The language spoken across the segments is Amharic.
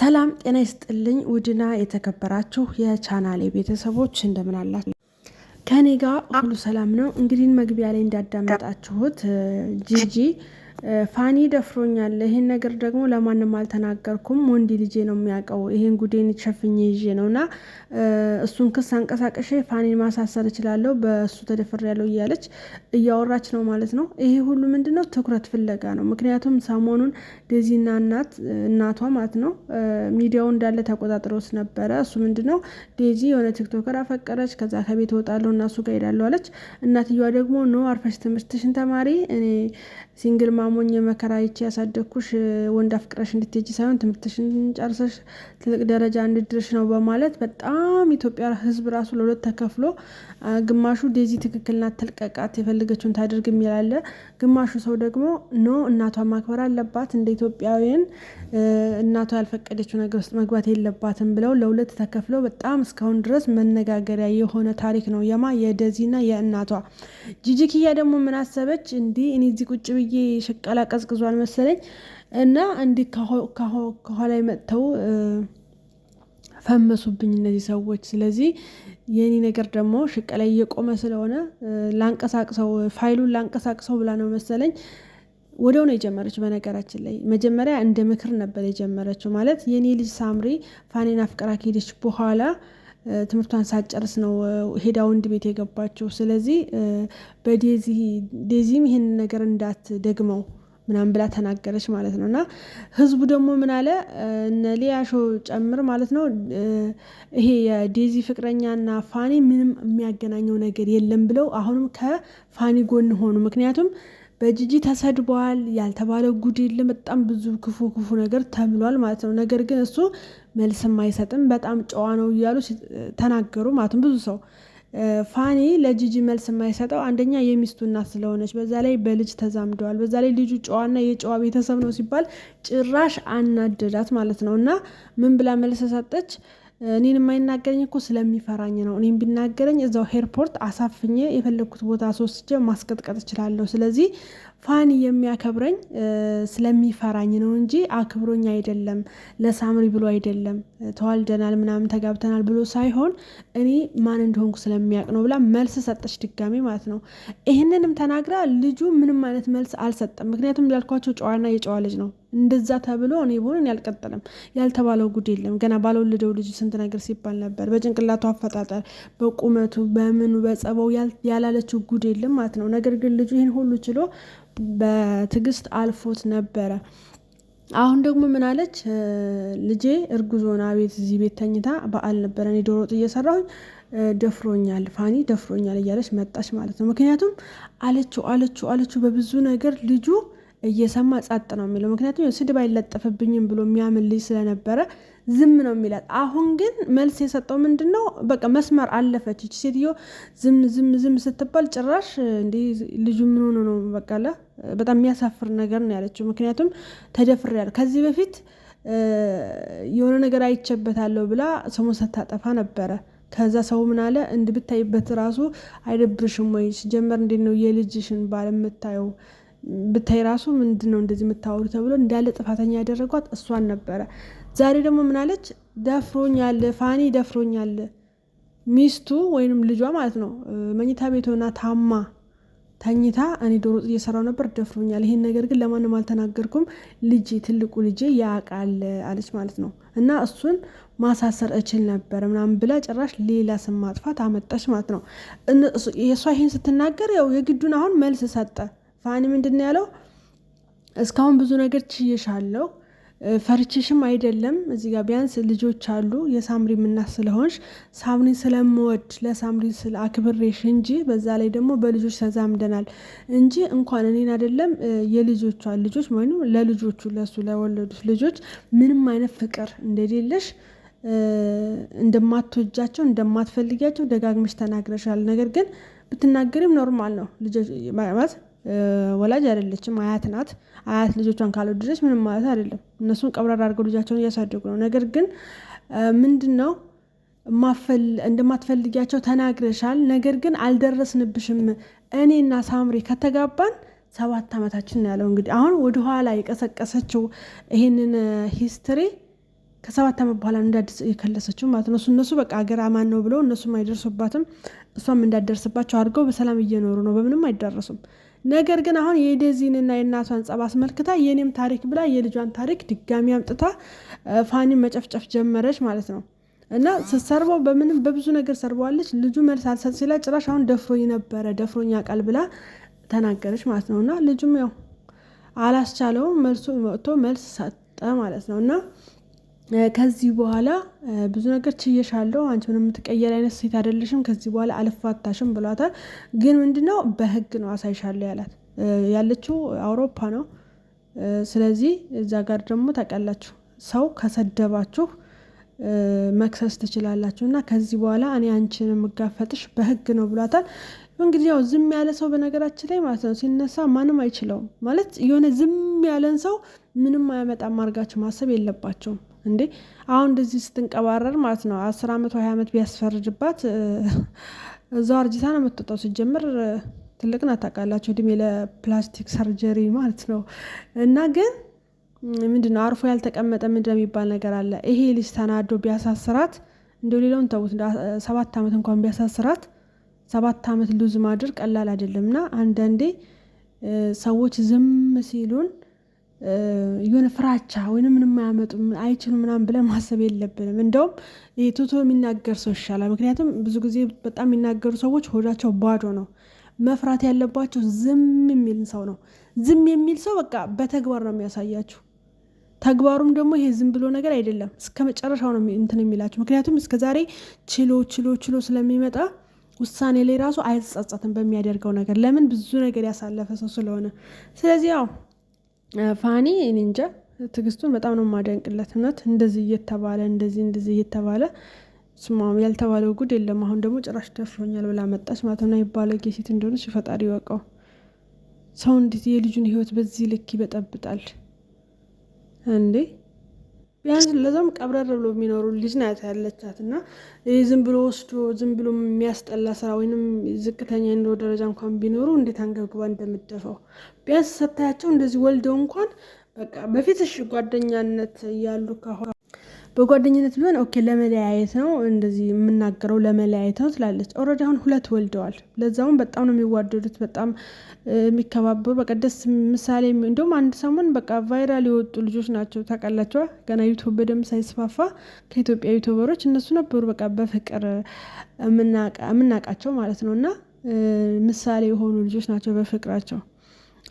ሰላም ጤና ይስጥልኝ። ውድና የተከበራችሁ የቻናሌ ቤተሰቦች እንደምን አላችሁ? ከኔ ጋር ሁሉ ሰላም ነው። እንግዲህ መግቢያ ላይ እንዳዳመጣችሁት ጂጂ ፋኒ ደፍሮኛል። ይህን ነገር ደግሞ ለማንም አልተናገርኩም። ወንድ ልጄ ነው የሚያውቀው። ይህን ጉዴን ሸፍኜ ይዤ ነው እና እሱን ክስ አንቀሳቀሼ ፋኒን ማሳሰር እችላለሁ። በእሱ ተደፍር ያለው እያለች እያወራች ነው ማለት ነው። ይሄ ሁሉ ምንድን ነው? ትኩረት ፍለጋ ነው። ምክንያቱም ሰሞኑን ዴዚና እናት እናቷ ማለት ነው ሚዲያው እንዳለ ተቆጣጥሮት ነበረ። እሱ ምንድን ነው ዴዚ የሆነ ቲክቶከር አፈቀረች፣ ከዛ ከቤት እወጣለሁ እና እሱ ጋር ሄዳለሁ አለች። እናትየዋ ደግሞ ኖ አርፈሽ ትምህርትሽን ተማሪ እኔ ሲንግል ማሞኝ የመከራ ይቼ ያሳደግኩሽ ወንድ አፍቅረሽ እንድትሄጂ ሳይሆን ትምህርትሽን ጨርሰሽ ትልቅ ደረጃ እንድድርሽ ነው በማለት በጣም ኢትዮጵያ ሕዝብ ራሱ ለሁለት ተከፍሎ ግማሹ ዴዚ ትክክልና ተልቀቃት የፈለገችውን ታደርግ የሚላለ ግማሹ ሰው ደግሞ ኖ እናቷ ማክበር አለባት፣ እንደ ኢትዮጵያውያን እናቷ ያልፈቀደችው ነገር ውስጥ መግባት የለባትም ብለው ለሁለት ተከፍሎ በጣም እስካሁን ድረስ መነጋገሪያ የሆነ ታሪክ ነው። የማ የደዚና የእናቷ ጂጂክያ ደግሞ ምን አሰበች? እንዲህ እኔ እዚህ ቁጭ ብዬ ብዬ ሽቀላ ቀዝቅዟል መሰለኝ እና እንዲህ ከኋላ መጥተው ፈመሱብኝ እነዚህ ሰዎች። ስለዚህ የኔ ነገር ደግሞ ሽቀላ እየቆመ ስለሆነ ላንቀሳቅሰው፣ ፋይሉን ላንቀሳቅሰው ብላ ነው መሰለኝ ወዲያው ነው የጀመረች። በነገራችን ላይ መጀመሪያ እንደ ምክር ነበር የጀመረችው። ማለት የኔ ልጅ ሳምሪ ፋኔን አፍቅራ ከሄደች በኋላ ትምህርቷን ሳጨርስ ነው ሄዳ ወንድ ቤት የገባቸው ስለዚህ በዴዚም ይህን ነገር እንዳትደግመው ምናምን ብላ ተናገረች ማለት ነው። እና ህዝቡ ደግሞ ምን አለ እነ ሊያሾ ጨምር ማለት ነው ይሄ የዴዚ ፍቅረኛ እና ፋኒ ምንም የሚያገናኘው ነገር የለም ብለው አሁንም ከፋኒ ጎን ሆኑ። ምክንያቱም በጂጂ ተሰድበዋል፣ ያልተባለ ጉድ የለም። በጣም ብዙ ክፉ ክፉ ነገር ተብሏል ማለት ነው። ነገር ግን እሱ መልስም አይሰጥም በጣም ጨዋ ነው እያሉ ተናገሩ። ማለትም ብዙ ሰው ፋኒ ለጂጂ መልስ የማይሰጠው አንደኛ የሚስቱ እናት ስለሆነች፣ በዛ ላይ በልጅ ተዛምደዋል። በዛ ላይ ልጁ ጨዋና የጨዋ ቤተሰብ ነው ሲባል ጭራሽ አናደዳት ማለት ነው። እና ምን ብላ መልስ ሰጠች? እኔን የማይናገረኝ እኮ ስለሚፈራኝ ነው። እኔም ቢናገረኝ እዛው ኤርፖርት አሳፍኜ የፈለግኩት ቦታ ሶስት ማስቀጥቀጥ እችላለሁ። ስለዚህ ፋኒ የሚያከብረኝ ስለሚፈራኝ ነው እንጂ አክብሮኝ አይደለም፣ ለሳምሪ ብሎ አይደለም፣ ተዋልደናል ምናምን ተጋብተናል ብሎ ሳይሆን እኔ ማን እንደሆንኩ ስለሚያውቅ ነው ብላ መልስ ሰጠች። ድጋሜ ማለት ነው። ይህንንም ተናግራ ልጁ ምንም አይነት መልስ አልሰጠም። ምክንያቱም እንዳልኳቸው ጨዋና የጨዋ ልጅ ነው። እንደዛ ተብሎ እኔ ብሆን ያልቀጠለም ያልተባለው ጉድ የለም። ገና ባልወለደው ልጅ ስንት ነገር ሲባል ነበር። በጭንቅላቱ አፈጣጠር፣ በቁመቱ፣ በምኑ፣ በጸበው ያላለችው ጉድ የለም ማለት ነው። ነገር ግን ልጁ ይህን ሁሉ ችሎ በትዕግስት አልፎት ነበረ። አሁን ደግሞ ምን አለች? ልጄ እርጉዝ ቤት እዚህ ቤት ተኝታ በዓል ነበረ እኔ ዶሮ ወጥ እየሰራሁኝ ደፍሮኛል፣ ፋኒ ደፍሮኛል እያለች መጣች ማለት ነው። ምክንያቱም አለችው አለችው አለችው በብዙ ነገር ልጁ እየሰማ ጸጥ ነው የሚለው። ምክንያቱም ስድብ አይለጠፍብኝም ብሎ የሚያምን ልጅ ስለነበረ ዝም ነው የሚላት። አሁን ግን መልስ የሰጠው ምንድን ነው? በቃ መስመር አለፈች ሴትዮ። ዝም ዝም ዝም ስትባል ጭራሽ እንዲህ ልጁ ምን ሆኖ ነው በቃ በጣም የሚያሳፍር ነገር ነው ያለችው። ምክንያቱም ተደፍሬያለሁ ከዚህ በፊት የሆነ ነገር አይቼበታለሁ ብላ ስሙን ስታጠፋ ነበረ። ከዛ ሰው ምን አለ እንድ ብታይበት ራሱ አይደብርሽም ወይ? ሲጀመር እንዴት ነው የልጅሽን ባል የምታየው? ብታይ ራሱ ምንድን ነው እንደዚህ የምታወሩ ተብሎ እንዳለ ጥፋተኛ ያደረጓት እሷን ነበረ። ዛሬ ደግሞ ምናለች? ደፍሮኛል፣ ፋኒ ደፍሮኛል። ሚስቱ ወይንም ልጇ ማለት ነው መኝታ ቤት ሆና ታማ ተኝታ እኔ ዶሮ ወጥ እየሰራው ነበር፣ ደፍሮኛል። ይሄን ነገር ግን ለማንም አልተናገርኩም፣ ልጄ ትልቁ ልጄ ያውቃል አለች ማለት ነው። እና እሱን ማሳሰር እችል ነበር ምናምን ብላ ጭራሽ ሌላ ስም ማጥፋት አመጣች ማለት ነው። የእሷ ይሄን ስትናገር ያው የግዱን አሁን መልስ ሰጠ። ፋኒ ምንድን ነው ያለው? እስካሁን ብዙ ነገር ችዬሻለሁ ፈርችሽም አይደለም እዚህ ጋር ቢያንስ ልጆች አሉ የሳምሪ ምናት ስለሆንሽ ሳምሪ ስለምወድ ለሳምሪ ስለ አክብሬሽ እንጂ በዛ ላይ ደግሞ በልጆች ተዛምደናል እንጂ እንኳን እኔን አይደለም የልጆቿ ልጆች ወይ ለልጆቹ ለሱ ለወለዱት ልጆች ምንም አይነት ፍቅር እንደሌለሽ እንደማትወጃቸው እንደማትፈልጊያቸው ደጋግመሽ ተናግረሻል። ነገር ግን ብትናገሪም ኖርማል ነው ማለት ወላጅ አይደለችም፣ አያት ናት። አያት ልጆቿን ካልወደደች ምንም ማለት አይደለም። እነሱን ቀብራር አድርገው ልጃቸውን እያሳደጉ ነው። ነገር ግን ምንድን ነው እንደማትፈልጊያቸው ተናግረሻል፣ ነገር ግን አልደረስንብሽም። እኔና ሳምሬ ከተጋባን ሰባት ዓመታችን ያለው እንግዲህ አሁን ወደኋላ የቀሰቀሰችው ይሄንን ሂስትሪ ከሰባት ዓመት በኋላ እንዳዲስ የከለሰችው ማለት ነው። እነሱ በቃ ሀገር አማን ነው ብለው እነሱም አይደርሱባትም እሷም እንዳደርስባቸው አድርገው በሰላም እየኖሩ ነው። በምንም አይዳረሱም። ነገር ግን አሁን የዴዚንና የእናቷን ጸብ አስመልክታ የኔም ታሪክ ብላ የልጇን ታሪክ ድጋሚ አምጥታ ፋኒ መጨፍጨፍ ጀመረች ማለት ነው። እና ስትሰርበው በምንም በብዙ ነገር ሰርበዋለች። ልጁ መልስ አልሰጥ ሲላ ጭራሽ አሁን ደፍሮኝ ነበረ ደፍሮኛ ቃል ብላ ተናገረች ማለት ነው። እና ልጁም ያው አላስቻለውም መልሱ መጥቶ መልስ ሰጠ ማለት ነው እና ከዚህ በኋላ ብዙ ነገር ችየሻለሁ፣ አንቺ ምን የምትቀየር አይነት ሴት አይደለሽም፣ ከዚህ በኋላ አልፋታሽም ብሏታል። ግን ምንድነው በህግ ነው አሳይሻለሁ ያላት። ያለችው አውሮፓ ነው። ስለዚህ እዛ ጋር ደግሞ ታውቃላችሁ፣ ሰው ከሰደባችሁ መክሰስ ትችላላችሁ እና ከዚህ በኋላ እኔ አንቺን የምጋፈጥሽ በህግ ነው ብሏታል። እንግዲህ ያው ዝም ያለ ሰው በነገራችን ላይ ማለት ነው ሲነሳ ማንም አይችለውም ማለት የሆነ ዝም ያለን ሰው ምንም አያመጣም አድርጋችሁ ማሰብ የለባቸውም። እንዴ አሁን እንደዚህ ስትንቀባረር ማለት ነው። አስር አመት ሀያ አመት ቢያስፈርድባት እዛው አርጅታ ነው የምትወጣው። ሲጀምር ትልቅ ናት ታውቃላችሁ፣ እድሜ ለፕላስቲክ ሰርጀሪ ማለት ነው። እና ግን ምንድን ነው አርፎ ያልተቀመጠ ምንድነው የሚባል ነገር አለ። ይሄ ልጅ ተናዶ ቢያሳስራት እንደው ሌላውን ተዉት፣ ሰባት አመት እንኳን ቢያሳስራት ሰባት አመት ሉዝ ማድር ቀላል አይደለም። እና አንዳንዴ ሰዎች ዝም ሲሉን የሆነ ፍራቻ ወይም ምንም አያመጡም አይችሉም ምናምን ብለን ማሰብ የለብንም። እንደውም ቶቶ የሚናገር ሰው ይሻላል። ምክንያቱም ብዙ ጊዜ በጣም የሚናገሩ ሰዎች ሆዳቸው ባዶ ነው። መፍራት ያለባቸው ዝም የሚል ሰው ነው። ዝም የሚል ሰው በቃ በተግባር ነው የሚያሳያችሁ። ተግባሩም ደግሞ ይሄ ዝም ብሎ ነገር አይደለም። እስከ መጨረሻው ነው እንትን የሚላቸው። ምክንያቱም እስከዛሬ ችሎ ችሎ ችሎ ስለሚመጣ ውሳኔ ላይ ራሱ አይጸጸትም በሚያደርገው ነገር። ለምን ብዙ ነገር ያሳለፈ ሰው ስለሆነ። ስለዚህ ያው ፋኒ እኔ እንጃ ትዕግስቱን በጣም ነው የማደንቅለት። እውነት እንደዚህ እየተባለ እንደዚህ እንደዚህ እየተባለ ስማ ያልተባለው ጉድ የለም። አሁን ደግሞ ጭራሽ ደፍሮኛል ብላ መጣች ማለት ነው። የባለ ጌሴት እንደሆነች ፈጣሪ ይወቀው። ሰው እንዴት የልጁን ህይወት በዚህ ልክ ይበጠብጣል እንዴ? ቢያንስ ለዛም ቀብረር ብሎ የሚኖሩ ልጅ ናት ያለቻት እና ዝም ብሎ ወስዶ ዝም ብሎ የሚያስጠላ ስራ ወይም ዝቅተኛ የኑሮ ደረጃ እንኳን ቢኖሩ እንዴት አንገብግባ እንደምደፋው ቢያንስ ሰታያቸው እንደዚህ ወልደው እንኳን በቃ በፊት ጓደኛነት እያሉ በጓደኝነት ቢሆን ኦኬ ለመለያየት ነው እንደዚህ የምናገረው ለመለያየት ነው ትላለች። ኦልሬዲ አሁን ሁለት ወልደዋል። ለዛውም በጣም ነው የሚዋደዱት፣ በጣም የሚከባበሩ በቃ ደስ ምሳሌ። እንዲሁም አንድ ሰሞን በቃ ቫይራል የወጡ ልጆች ናቸው ታውቃላቸዋ። ገና ዩቱብ በደንብ ሳይስፋፋ ከኢትዮጵያ ዩቱበሮች እነሱ ነበሩ በቃ በፍቅር የምናቃቸው ማለት ነው እና ምሳሌ የሆኑ ልጆች ናቸው በፍቅራቸው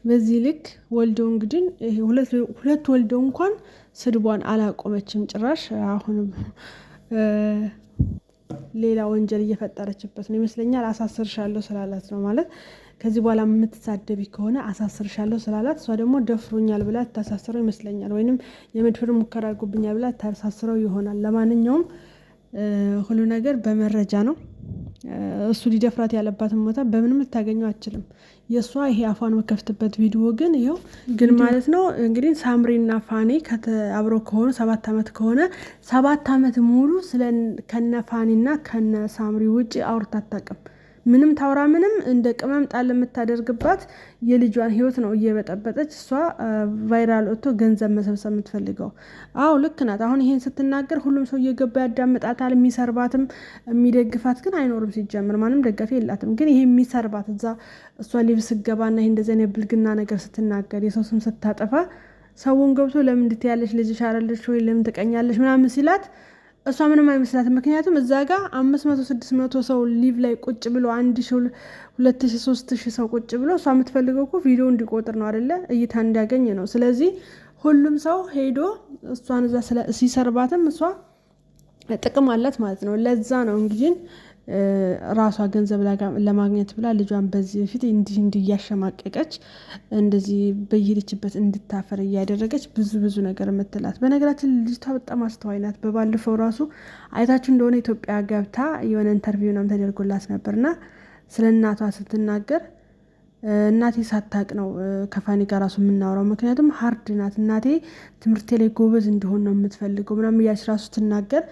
በዚህ ልክ ወልደው እንግድን ሁለት ወልደው እንኳን ስድቧን አላቆመችም። ጭራሽ አሁንም ሌላ ወንጀል እየፈጠረችበት ነው ይመስለኛል። አሳስርሻለሁ ስላላት ነው ማለት ከዚህ በኋላ የምትሳደቢ ከሆነ አሳስርሻለሁ ስላላት፣ እሷ ደግሞ ደፍሮኛል ብላ ታሳስረው ይመስለኛል። ወይንም የመድፈር ሙከራ አድርጎብኛል ብላ ታሳስረው ይሆናል። ለማንኛውም ሁሉ ነገር በመረጃ ነው። እሱ ሊደፍራት ያለባትን ቦታ በምንም ልታገኘው አችልም። የእሷ ይሄ አፏን መከፍትበት ቪዲዮ ግን ይኸው ግን ማለት ነው እንግዲህ ሳምሪና ፋኒ አብሮ ከሆኑ ሰባት ዓመት ከሆነ ሰባት ዓመት ሙሉ ስለ ከነ ፋኒና ከነ ሳምሪ ውጭ አውርታ አታውቅም። ምንም ታውራ ምንም እንደ ቅመም ጣል የምታደርግባት የልጇን ህይወት ነው እየበጠበጠች እሷ ቫይራል ወጥቶ ገንዘብ መሰብሰብ የምትፈልገው። አዎ ልክ ናት። አሁን ይሄን ስትናገር ሁሉም ሰው እየገባ ያዳምጣታል። የሚሰርባትም የሚደግፋት ግን አይኖርም። ሲጀምር ማንም ደጋፊ የላትም። ግን ይሄ የሚሰርባት እዛ እሷ ሊቭ ስገባና ይሄ እንደዚህ አይነት ብልግና ነገር ስትናገር የሰው ስም ስታጠፋ ሰውን ገብቶ ለምን እንድትያለች ልጅሽ አረለች ወይ ለምን ትቀኛለች ምናምን ሲላት እሷ ምንም አይመስላትም። ምክንያቱም እዛ ጋር አምስት መቶ ስድስት መቶ ሰው ሊቭ ላይ ቁጭ ብሎ አንድ ሺ ሁለት ሺ ሶስት ሺ ሰው ቁጭ ብሎ እሷ የምትፈልገው እኮ ቪዲዮ እንዲቆጥር ነው አደለ? እይታ እንዲያገኝ ነው። ስለዚህ ሁሉም ሰው ሄዶ እሷን እዛ ሲሰርባትም እሷ ጥቅም አላት ማለት ነው። ለዛ ነው እንግዲህ ራሷ ገንዘብ ለማግኘት ብላ ልጇን በዚህ በፊት እንዲህ እንዲህ እያሸማቀቀች እንደዚህ በየሄደችበት እንድታፈር እያደረገች ብዙ ብዙ ነገር የምትላት። በነገራችን ልጅቷ በጣም አስተዋይ ናት። በባለፈው ራሱ አይታችሁ እንደሆነ ኢትዮጵያ ገብታ የሆነ ኢንተርቪው ናም ተደርጎላት ነበርና ስለ እናቷ ስትናገር እናቴ ሳታቅ ነው ከፋኒ ጋር ራሱ የምናወራው። ምክንያቱም ሀርድ ናት እናቴ ትምህርቴ ላይ ጎበዝ እንዲሆን ነው የምትፈልገው ምናምን እያች ራሱ ስትናገር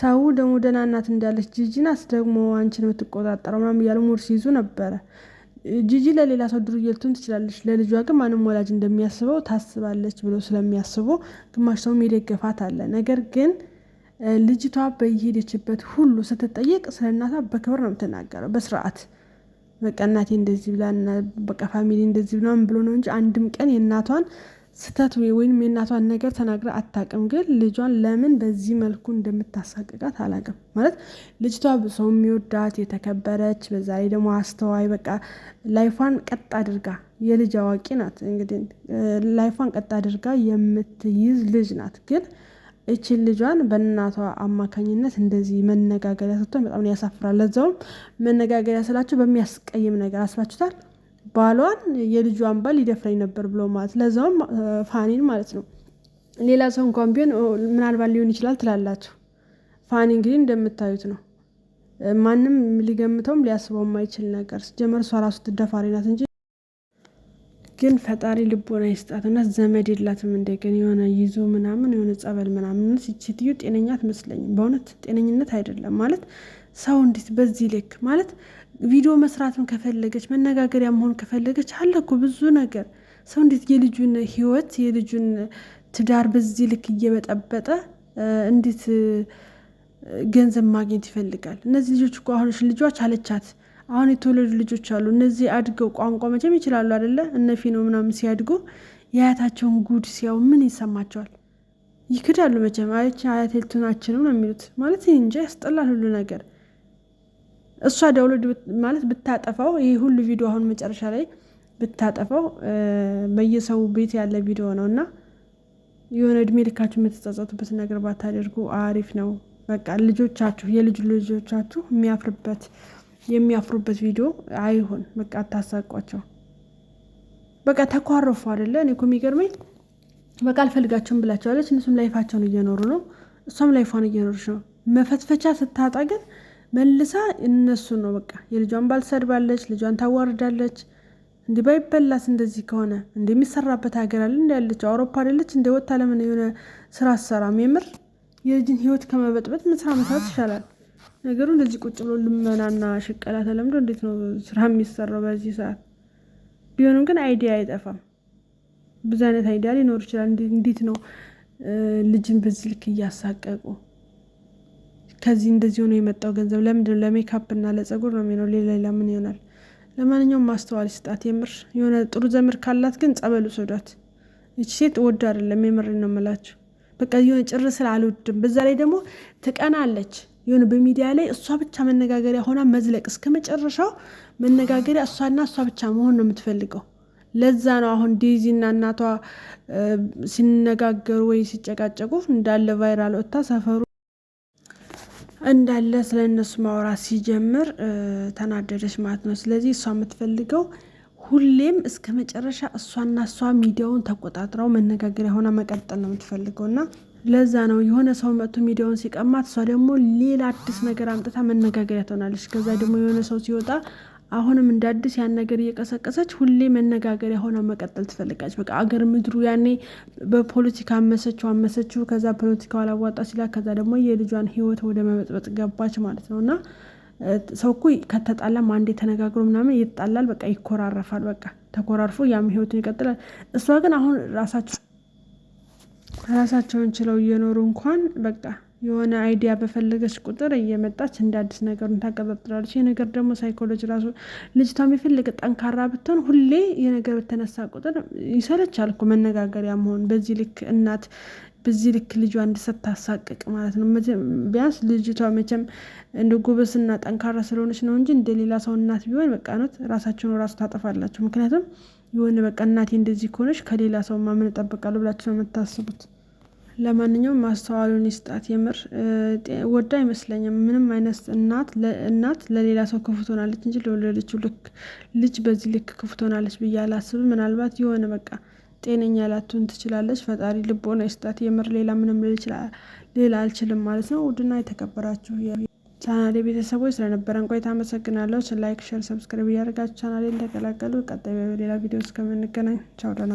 ሰው ደግሞ ደህና እንዳለች ጂጂ ናት ደግሞ አንቺን የምትቆጣጠረው ምናምን እያሉ ሙድ ሲይዙ ነበረ። ጂጂ ለሌላ ሰው ድሩ እየልቱን ትችላለች፣ ለልጇ ግን ማንም ወላጅ እንደሚያስበው ታስባለች ብሎ ስለሚያስቡ ግማሽ ሰውም የደገፋት አለ። ነገር ግን ልጅቷ በየሄደችበት ሁሉ ስትጠየቅ ስለ እናቷ በክብር ነው የምትናገረው፣ በስርዓት በቃ እናቴ እንደዚህ ብላ በቃ ፋሚሊ እንደዚህ ብላ ብሎ ነው እንጂ አንድም ቀን የእናቷን ስተት ወይም የእናቷን ነገር ተናግራ አታቅም። ግን ልጇን ለምን በዚህ መልኩ እንደምታሳቅቃት አላቅም። ማለት ልጅቷ ሰው የሚወዳት የተከበረች፣ በዛ ላይ ደግሞ አስተዋይ በቃ ላይፏን ቀጥ አድርጋ የልጅ አዋቂ ናት። እንግዲህ ላይፏን ቀጥ አድርጋ የምትይዝ ልጅ ናት። ግን እችን ልጇን በእናቷ አማካኝነት እንደዚህ መነጋገሪያ ስትሆን በጣም ያሳፍራል። ለዛውም መነጋገሪያ ስላችሁ በሚያስቀይም ነገር አስባችሁታል። ባሏን የልጇን ባል ሊደፍረኝ ነበር ብሎ ማለት ለዛውም ፋኒን ማለት ነው። ሌላ ሰው እንኳን ቢሆን ምናልባት ሊሆን ይችላል ትላላችሁ። ፋኒ እንግዲህ እንደምታዩት ነው። ማንም ሊገምተውም ሊያስበው የማይችል ነገር ጀመር። እሷ ራሱ ትደፋሪ ናት እንጂ ግን ፈጣሪ ልቦና ይስጣትና ዘመድ የላትም እንደገና የሆነ ይዞ ምናምን የሆነ ጸበል ምናምን ሲችትዩ ጤነኛ አትመስለኝም። በእውነት ጤነኝነት አይደለም ማለት ሰው እንዴት በዚህ ልክ ማለት ቪዲዮ መስራትም ከፈለገች መነጋገሪያ መሆን ከፈለገች አለ እኮ ብዙ ነገር። ሰው እንዴት የልጁን ህይወት የልጁን ትዳር በዚህ ልክ እየበጠበጠ እንዴት ገንዘብ ማግኘት ይፈልጋል? እነዚህ ልጆች እኮ አሁን ልጇ አሁን የተወለዱ ልጆች አሉ። እነዚህ አድገው ቋንቋ መቼም ይችላሉ አደለ? እነፊ ነው ምናምን ሲያድጉ የአያታቸውን ጉድ ሲያው ምን ይሰማቸዋል? ይክዳሉ። መቼም አያች አያቴቱናችንም ነው የሚሉት ማለት ይህ እንጂ ያስጠላል ሁሉ ነገር። እሷ ዳውሎድ ማለት ብታጠፋው ይህ ሁሉ ቪዲዮ አሁን መጨረሻ ላይ ብታጠፋው በየሰው ቤት ያለ ቪዲዮ ነው እና የሆነ እድሜ ልካችሁ የምትጸጸቱበት ነገር ባታደርጉ አሪፍ ነው። በቃ ልጆቻችሁ የልጅ ልጆቻችሁ የሚያፍርበት የሚያፍሩበት ቪዲዮ አይሆን። በቃ አታሳቋቸው። በቃ ተኳረፉ አይደለ? እኔ እኮ የሚገርመኝ በቃ አልፈልጋቸውም ብላቸዋለች። እነሱም ላይፋቸውን እየኖሩ ነው፣ እሷም ላይፏን እየኖረች ነው። መፈትፈቻ ስታጣ ግን መልሳ እነሱ ነው በቃ የልጇን ባልሰድባለች፣ ልጇን ታዋርዳለች። እንዲህ ባይበላስ እንደዚህ ከሆነ እንደ የሚሰራበት ሀገር አለ እንዳለችው አውሮፓ አይደለች እንደ ወታ ለምን የሆነ ስራ አሰራም። የምር የልጅን ህይወት ከመበጥበጥ ምስራ መስራት ይሻላል። ነገሩ እንደዚህ ቁጭ ብሎ ልመናና ሽቀላ ተለምዶ እንዴት ነው ስራ የሚሰራው በዚህ ሰዓት? ቢሆንም ግን አይዲያ አይጠፋም። ብዙ አይነት አይዲያ ሊኖር ይችላል። እንዴት ነው ልጅን በዚህ ልክ እያሳቀቁ ከዚህ እንደዚህ ሆኖ የመጣው ገንዘብ ለምንድነው ለሜካፕ እና ለጸጉር ነው የሚሆነው? ሌላ ለምን ይሆናል? ለማንኛውም ማስተዋል ስጣት። የምር የሆነ ጥሩ ዘመድ ካላት ግን ጸበሉ ሰዷት። ይቺ ሴት ወድ አይደለም፣ የምር ነው የምላችሁ። በቃ የሆነ ጭር ስል አልወድም። በዛ ላይ ደግሞ ትቀናለች። የሆነ በሚዲያ ላይ እሷ ብቻ መነጋገሪያ ሆና መዝለቅ እስከ መጨረሻው መነጋገሪያ እሷና እሷ ብቻ መሆን ነው የምትፈልገው። ለዛ ነው አሁን ዴዚና እናቷ ሲነጋገሩ ወይ ሲጨቃጨቁ እንዳለ ቫይራል ወጥታ ሰፈሩ እንዳለ ስለ እነሱ ማውራት ሲጀምር ተናደደች ማለት ነው። ስለዚህ እሷ የምትፈልገው ሁሌም እስከ መጨረሻ እሷና እሷ ሚዲያውን ተቆጣጥረው መነጋገሪያ ሆና መቀጠል ነው የምትፈልገው እና ለዛ ነው የሆነ ሰው መጥቶ ሚዲያውን ሲቀማት፣ እሷ ደግሞ ሌላ አዲስ ነገር አምጥታ መነጋገሪያ ትሆናለች። ከዛ ደግሞ የሆነ ሰው ሲወጣ አሁንም እንደ አዲስ ያን ነገር እየቀሰቀሰች ሁሌ መነጋገሪያ ሆና መቀጠል ትፈልጋለች። በቃ አገር ምድሩ ያኔ በፖለቲካ አመሰችው አመሰችው። ከዛ ፖለቲካው አላዋጣ ሲላ፣ ከዛ ደግሞ የልጇን ህይወት ወደ መበጥበጥ ገባች ማለት ነው። እና ሰው እኮ ከተጣላም አንዴ ተነጋግሮ ምናምን ይጣላል፣ በቃ ይኮራረፋል። በቃ ተኮራርፎ ያም ህይወቱን ይቀጥላል። እሷ ግን አሁን ራሳቸው ራሳቸውን ችለው እየኖሩ እንኳን በቃ የሆነ አይዲያ በፈለገች ቁጥር እየመጣች እንደ አዲስ ነገሩን ታቀጣጥላለች። ይህ ነገር ደግሞ ሳይኮሎጂ ራሱ ልጅቷ የሚፈልግ ጠንካራ ብትሆን ሁሌ የነገር በተነሳ ቁጥር ይሰለቻል እኮ መነጋገሪያ መሆን። በዚህ ልክ እናት በዚህ ልክ ልጇ እንድትሳሳቅቅ ማለት ነው። ቢያንስ ልጅቷ መቼም እንደ ጎበስና ጠንካራ ስለሆነች ነው እንጂ እንደሌላ ሰው እናት ቢሆን በቃ ራሳቸውን ራሱ ታጠፋላቸው ምክንያቱም የሆነ በቃ እናቴ እንደዚህ ከሆነች ከሌላ ሰው ማምን እጠብቃለሁ ብላችሁ ነው የምታስቡት። ለማንኛውም ማስተዋሉን ይስጣት። የምር ወዳ አይመስለኝም። ምንም አይነት እናት እናት ለሌላ ሰው ክፉ ትሆናለች እንጂ ለወለደችው ልክ ልጅ በዚህ ልክ ክፉ ትሆናለች ብዬ አላስብም። ምናልባት የሆነ በቃ ጤነኛ ላትሆን ትችላለች። ፈጣሪ ልቦና ይስጣት። የምር ሌላ ምንም ልል አልችልም ማለት ነው። ውድና የተከበራችሁ ቻናሌ ቤተሰቦች ስለነበረን ቆይታ አመሰግናለሁ። ስለ ላይክ፣ ሸር፣ ሰብስክሪብ እያደረጋችሁ ቻናሌን ተቀላቀሉ። ቀጣይ በሌላ ቪዲዮ እስከምንገናኝ ቻው፣ ደህና